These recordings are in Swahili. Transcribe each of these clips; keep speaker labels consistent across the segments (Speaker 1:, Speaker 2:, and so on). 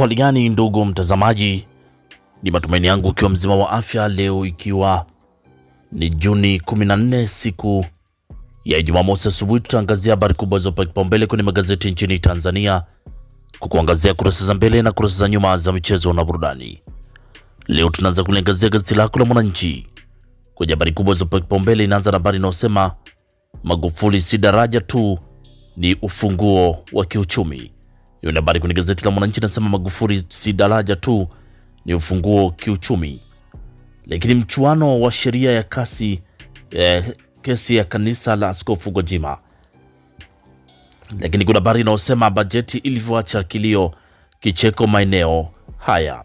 Speaker 1: Hali gani ndugu mtazamaji, ni matumaini yangu ukiwa mzima wa afya leo, ikiwa ni Juni 14 siku ya Jumamosi asubuhi, tutaangazia habari kubwa zilizopewa kipaumbele kwenye magazeti nchini Tanzania, kwa kuangazia kurasa za mbele na kurasa za nyuma za michezo na burudani. Leo tunaanza kuliangazia gazeti lako la Mwananchi kwenye habari kubwa zilizopewa kipaumbele. Inaanza na habari inayosema Magufuli si daraja tu, ni ufunguo wa kiuchumi. Hiyo ni habari kwenye gazeti la Mwananchi, nasema Magufuli si daraja tu, ni ufunguo kiuchumi. Lakini mchuano wa sheria ya kasi, eh, kesi ya kanisa la Askofu Gwajima. Lakini kuna habari inayosema bajeti ilivyoacha kilio kicheko maeneo haya,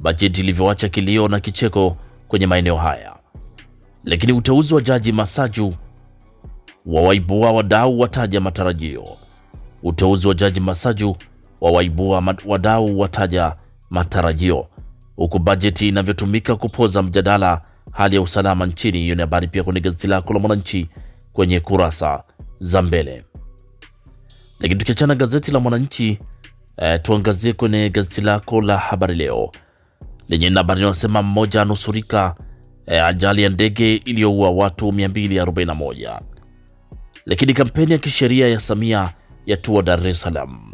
Speaker 1: bajeti ilivyoacha kilio na kicheko kwenye maeneo haya. Lakini uteuzi wa jaji Masaju wawaibua wadau, wataja matarajio Uteuzi wa Jaji Masaju wa waibua wadau wataja matarajio, huku bajeti inavyotumika kupoza mjadala hali ya usalama nchini. Hiyo ni habari pia kwenye gazeti lako la Mwananchi kwenye kurasa za mbele. Lakini tukiachana gazeti la Mwananchi eh, tuangazie kwenye gazeti lako la Habari Leo lenye habari inayosema mmoja anusurika eh, ajali ya ndege iliyoua watu 241. Lakini kampeni ya kisheria ya Samia yatua Dar es Salaam.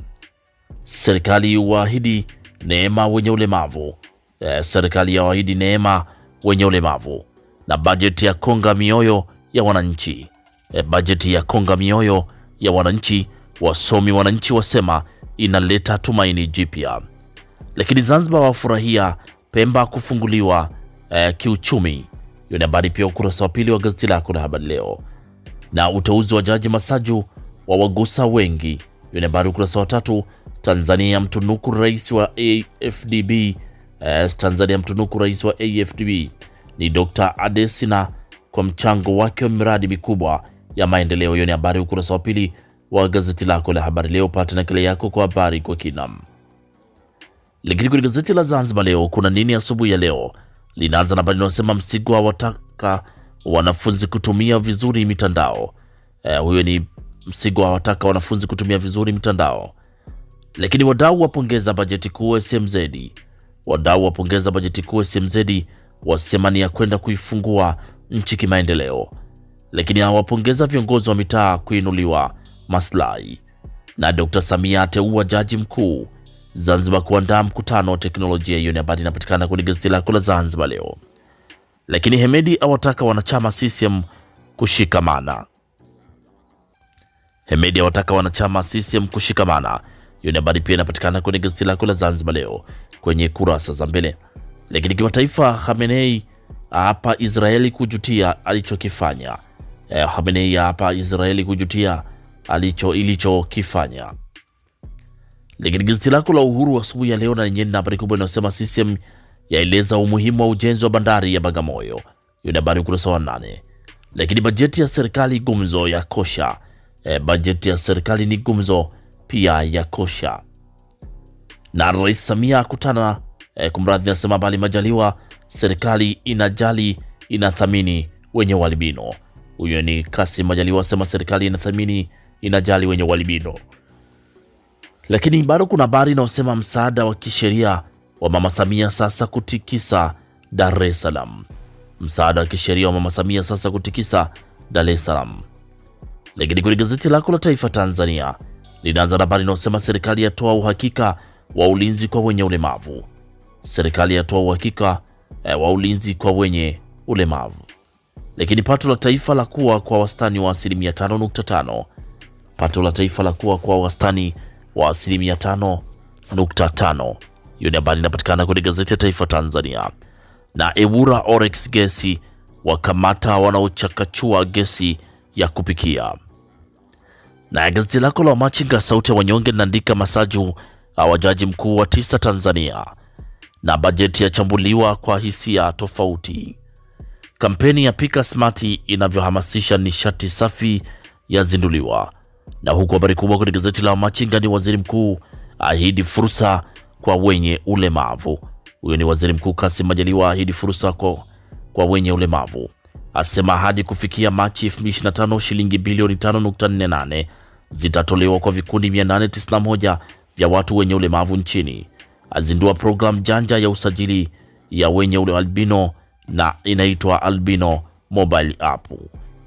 Speaker 1: Serikali waahidi neema wenye ulemavu. E, serikali yawaahidi neema wenye ulemavu. Na bajeti ya konga mioyo ya wananchi. E, bajeti ya konga mioyo ya wananchi. Wasomi wananchi wasema inaleta tumaini jipya. Lakini Zanzibar wafurahia Pemba kufunguliwa e, kiuchumi. Hiyo ni habari pia ukurasa wa pili wa gazeti lako la habari leo. Na uteuzi wa Jaji Masaju wawagusa wengi. Hiyo ni habari ukurasa wa tatu. Tanzania mtunuku rais wa AFDB. Eh, Tanzania mtunuku rais wa AFDB ni Dr. Adesina kwa mchango wake wa miradi mikubwa ya maendeleo. Hiyo ni habari ukurasa wa pili wa gazeti lako la Habari Leo. Pata nakala yako kwa habari kwa kina. Lakini kwenye gazeti la Zanzibar Leo kuna nini asubuhi ya, leo? Linaanza na habari inayosema Msigwa wataka wanafunzi kutumia vizuri mitandao. Eh, huyo ni Msigwa awataka wanafunzi kutumia vizuri mitandao, lakini wadau wapongeza bajeti kuu SMZ. Wadau wapongeza bajeti kuu SMZ, wasema ni ya kwenda kuifungua nchi kimaendeleo, lakini hawapongeza viongozi wa mitaa kuinuliwa maslahi. Na Dr. Samia ateua jaji mkuu Zanzibar kuandaa mkutano wa teknolojia. Hiyo ni habari inapatikana kwenye gazeti lako la Zanzibar Leo. Lakini Hemedi awataka wanachama CCM kushikamana. Hemedi wataka wanachama CCM kushikamana. Hiyo ni habari pia inapatikana kwenye gazeti lako la Zanzibar Leo kwenye kurasa za mbele. Lakini kimataifa, Khamenei hapa Israeli kujutia alichokifanya. Eh, Khamenei hapa Israeli kujutia alicho ilichokifanya. Lakini gazeti lako la Uhuru asubuhi ya leo na yenyewe na habari kubwa inayosema CCM yaeleza umuhimu wa ujenzi wa bandari ya Bagamoyo. Hiyo ni habari ukurasa wa nane. Lakini bajeti ya serikali gumzo ya kosha e, bajeti ya serikali ni gumzo pia ya kosha. Na Rais Samia akutana e, kumradhi, asema bali Majaliwa, serikali inajali inathamini wenye walibino. Huyo ni kasi Majaliwa asema serikali inathamini inajali wenye walibino. Lakini bado kuna habari inayosema msaada wa kisheria wa mama Samia sasa kutikisa Dar es Salaam. Msaada wa kisheria wa mama Samia sasa kutikisa Dar es Salaam. Lakini kwenye gazeti lako la Taifa Tanzania linaanza habari inayosema serikali yatoa uhakika wa ulinzi kwa wenye ulemavu. Serikali yatoa uhakika eh, wa ulinzi kwa wenye ulemavu. Lakini pato la taifa la kuwa kwa wastani wa asilimia 5.5. Pato la taifa la kuwa kwa wastani wa asilimia 5.5. Hiyo ni habari inapatikana kwenye gazeti ya Taifa Tanzania. Na Ebura orex gesi wakamata wanaochakachua gesi ya kupikia. Na gazeti lako la Wamachinga sauti ya wanyonge linaandika masaju wa jaji mkuu wa tisa Tanzania na bajeti yachambuliwa kwa hisia tofauti. Kampeni ya pika Smart inavyohamasisha nishati safi yazinduliwa. Na huku habari kubwa kwenye gazeti la Wamachinga ni waziri mkuu ahidi fursa kwa wenye ulemavu. Huyo ni waziri mkuu Kassim Majaliwa ahidi fursa kwa, kwa wenye ulemavu asema hadi kufikia Machi 2025 shilingi bilioni 5.48 zitatolewa kwa vikundi 891 vya watu wenye ulemavu nchini. Azindua programu janja ya usajili ya wenye ule albino na inaitwa Albino Mobile App.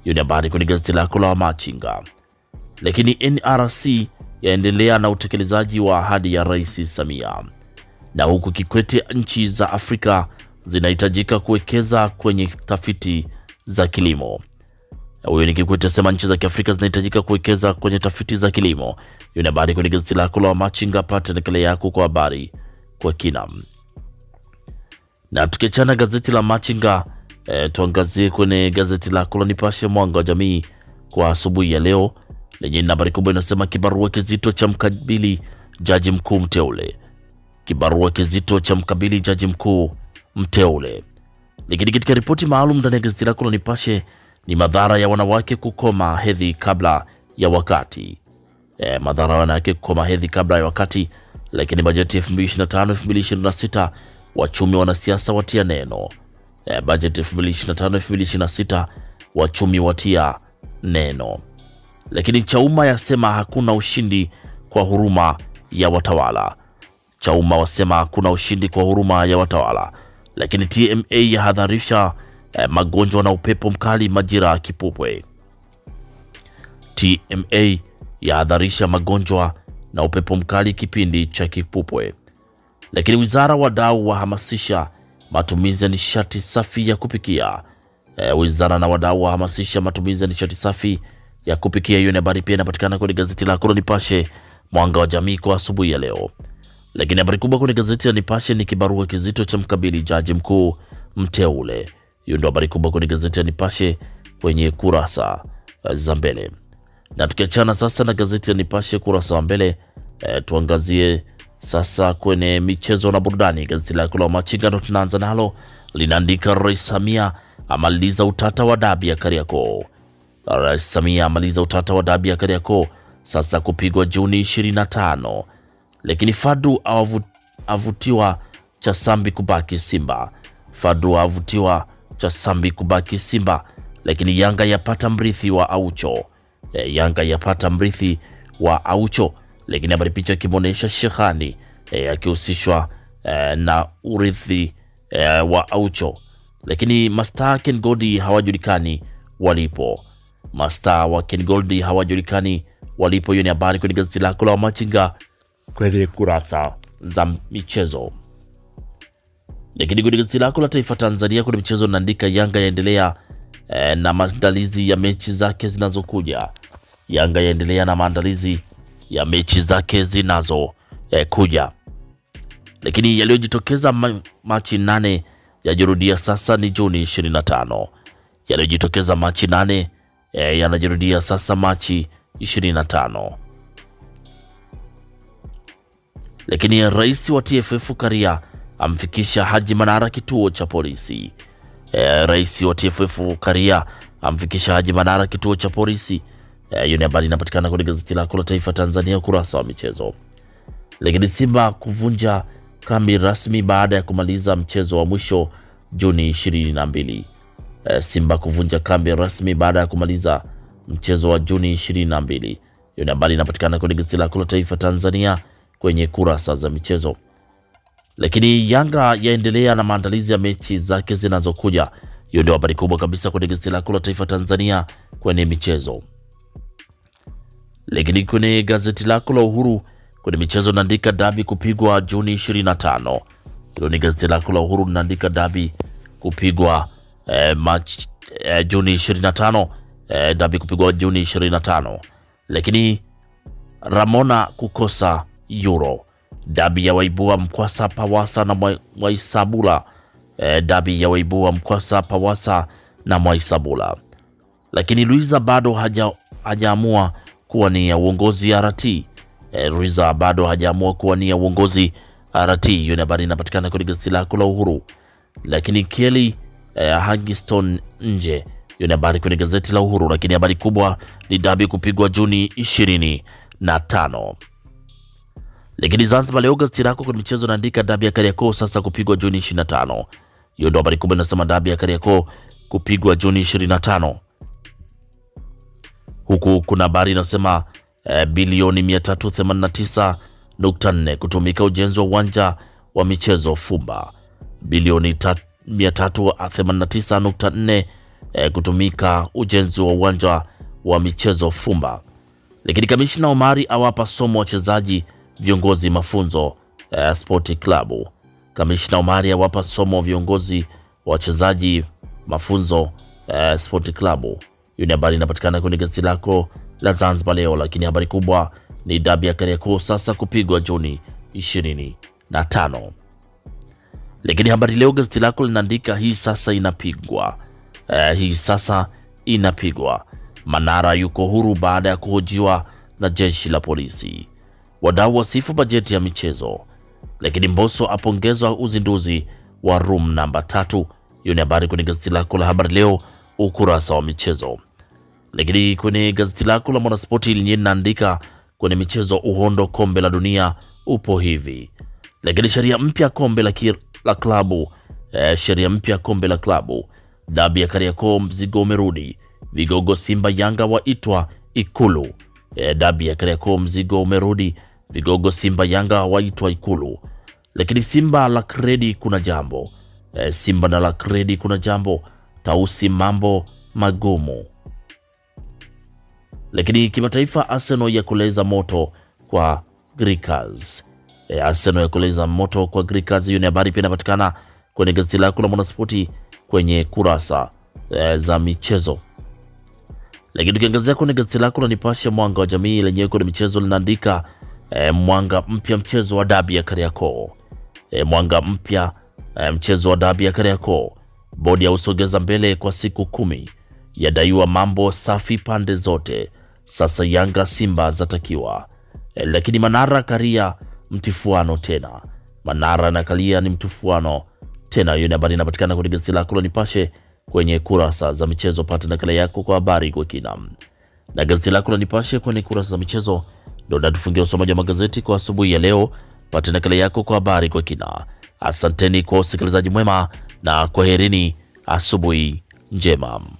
Speaker 1: Hiyo ni habari kwenye gazeti lako la Machinga. Lakini NRC yaendelea na utekelezaji wa ahadi ya Rais Samia, na huku Kikwete, nchi za Afrika zinahitajika kuwekeza kwenye tafiti za kilimo. huyu ni Kikwete asema nchi za Kiafrika zinahitajika kuwekeza kwenye tafiti za kilimo. Hiyo ni habari kwenye gazeti lako la Wamachinga, pata nakala yako kwa habari kwa kina. Na tukiachana gazeti la Machinga e, tuangazie kwenye gazeti lako la Nipashe Mwanga wa Jamii kwa asubuhi ya leo lenye habari kubwa inasema kibarua kizito cha mkabili jaji mkuu mteule. Kibarua kizito cha mkabili jaji mkuu mteule. Lakini katika ripoti maalum ndani ya gazeti lako la Nipashe ni madhara ya wanawake kukoma hedhi kabla ya wakati. E, madhara ya wanawake kukoma hedhi kabla ya wakati. Lakini bajeti 2025 2026 wachumi wanasiasa watia neno. E, bajeti 2025 2026 wachumi watia neno. Lakini Chauma yasema hakuna ushindi kwa huruma ya watawala. Chauma wasema hakuna ushindi kwa huruma ya watawala lakini TMA yahadharisha eh, magonjwa na upepo mkali majira ya kipupwe. TMA yahadharisha magonjwa na upepo mkali kipindi cha kipupwe. Lakini wizara wadau wahamasisha matumizi ya nishati safi ya kupikia. eh, wizara na wadau wahamasisha matumizi ya nishati safi ya kupikia. Hiyo ni habari pia inapatikana kwenye gazeti la Nipashe Mwanga wa Jamii kwa asubuhi ya leo. Lakini habari kubwa kwenye gazeti la Nipashe ni kibarua kizito cha mkabili jaji mkuu mteule. Hiyo ndio habari kubwa kwenye gazeti la Nipashe kwenye kurasa za mbele, na tukiachana sasa na gazeti la Nipashe kurasa wa mbele e, tuangazie sasa kwenye michezo na burudani. Gazeti lako kula Machinga ndo tunaanza nalo, linaandika Rais Samia amaliza utata wa dabi ya Kariakoo. Rais Samia amaliza utata wa dabi ya Kariakoo sasa kupigwa Juni 25 lakini Fadu avutiwa Chasambi kubaki Simba. Fadu avutiwa Chasambi kubaki Simba, lakini Yanga yapata mrithi wa Aucho. E, Yanga yapata mrithi wa Aucho, lakini habari picha ikimwonyesha Shehani e, akihusishwa e, na urithi e, wa Aucho, lakini mastaa Kengoldi hawajulikani walipo. Mastaa wa Kengoldi hawajulikani walipo. Hiyo ni habari kwenye gazeti lako la Wamachinga kwenye kurasa za michezo. Lakini kwenye gazeti lako la Taifa Tanzania kwenye michezo linaandika Yanga yaendelea e, na maandalizi ya mechi zake zinazokuja. Yanga yaendelea na maandalizi ya mechi zake zinazokuja. Eh, e, lakini yaliyojitokeza Machi nane yajirudia sasa ni Juni 25. Yaliyojitokeza Machi nane e, yanajirudia sasa Machi 25 lakini rais wa TFF Karia amfikisha Haji Manara kituo cha polisi. E, rais wa TFF Karia amfikisha Haji Manara kituo cha polisi. E, hiyo ni habari inapatikana kwenye gazeti lako la Taifa Tanzania ukurasa wa michezo. Lakini Simba kuvunja kambi rasmi baada ya kumaliza mchezo wa mwisho Juni 22. E, Simba kuvunja kambi rasmi baada ya kumaliza mchezo wa Juni 22. Hiyo ni habari inapatikana kwenye gazeti lako la Taifa Tanzania kwenye kurasa za michezo. Lakini Yanga yaendelea na maandalizi ya mechi zake zinazokuja. Hiyo ndio habari kubwa kabisa kwenye gazeti lako la Taifa Tanzania kwenye michezo. Lakini kwenye gazeti lako la Uhuru kwenye michezo naandika dabi kupigwa Juni 25. Hilo ni gazeti lako la Uhuru linaandika dabi kupigwa eh, match eh, Juni 25 eh, dabi kupigwa Juni 25. Lakini Ramona kukosa Euro. Dabi ya waibua mkwasa Pawasa na Mwaisabula. E, dabi ya waibua mkwasa Pawasa na Mwaisabula, lakini Luiza bado haja, hajaamua kuwa ni ya uongozi RT. E, eh, Luiza bado hajaamua kuwa ni ya uongozi RT. Hiyo ni habari inapatikana kwenye gazeti lako la Uhuru. Lakini Kelly e, eh, Hagiston nje hiyo ni habari kwenye gazeti la Uhuru, lakini habari kubwa ni dabi kupigwa Juni 25 na tano. Lakini Zanzibar leo gazeti lako kwa michezo naandika dabi ya Kariakoo sasa kupigwa Juni 25. Hiyo ndio habari kubwa inasema dabi ya Kariakoo kupigwa Juni 25. Huku kuna habari inasema eh, bilioni 389.4 kutumika ujenzi wa uwanja wa michezo Fumba. Bilioni 389.4 eh, kutumika ujenzi wa uwanja wa michezo Fumba. Lakini kamishna Omari awapa somo wachezaji viongozi mafunzo ya uh, Sport Club. Kamishna Omari awapa somo viongozi wa wachezaji mafunzo uh, Sport Club. Hiyo ni habari inapatikana kwenye gazeti lako la Zanzibar leo, lakini habari kubwa ni dabi ya Kariakoo sasa kupigwa Juni 25. Lakini habari leo gazeti lako linaandika hii sasa inapigwa uh, hii sasa inapigwa. Manara yuko huru baada ya kuhojiwa na jeshi la polisi. Wadau wasifu bajeti ya michezo, lakini mboso apongezwa uzinduzi wa room namba tatu. Hiyo ni habari kwenye gazeti lako la habari leo ukurasa wa michezo. Lakini kwenye gazeti lako la Mwanaspoti linye linaandika kwenye michezo, uhondo kombe la dunia upo hivi, lakini sheria mpya kombe la, la klabu eh, sheria mpya kombe la klabu, dabi ya Kariakoo mzigo umerudi, vigogo Simba Yanga waitwa Ikulu. E, dabi ya Kariakoo mzigo umerudi, vigogo Simba Yanga waitwa Ikulu. Lakini Simba la kredi kuna jambo e, Simba na la kredi kuna jambo Tausi, mambo magumu. Lakini kimataifa, Arsenal ya kuleza moto kwa Grikas. E, Arsenal ya kuleza moto kwa Grikas. Hiyo ni habari pia inapatikana kwenye gazeti lako la Mwanaspoti kwenye kurasa e, za michezo. Lakini ukiangazia kwenye gazeti lako la Nipashe mwanga wa jamii lenyewe kwenye michezo linaandika e, mwanga mpya mchezo wa dabi ya Kariakoo e, mwanga mpya e, mchezo wa dabi ya Kariakoo, bodi ya usogeza mbele kwa siku kumi, yadaiwa mambo safi pande zote, sasa Yanga Simba zatakiwa e, lakini Manara Karia mtifuano tena, Manara na ni mtifuano tena. Hiyo ni habari inapatikana kwenye gazeti lako la Nipashe kwenye kurasa za michezo. Pata nakala yako kwa habari kwa kina na gazeti lako la Nipashe kwenye kurasa za michezo. Ndio natufungia usomaji wa magazeti kwa asubuhi ya leo. Pata nakala yako kwa habari kwa kina. Asanteni kwa usikilizaji mwema na kwaherini, asubuhi njema.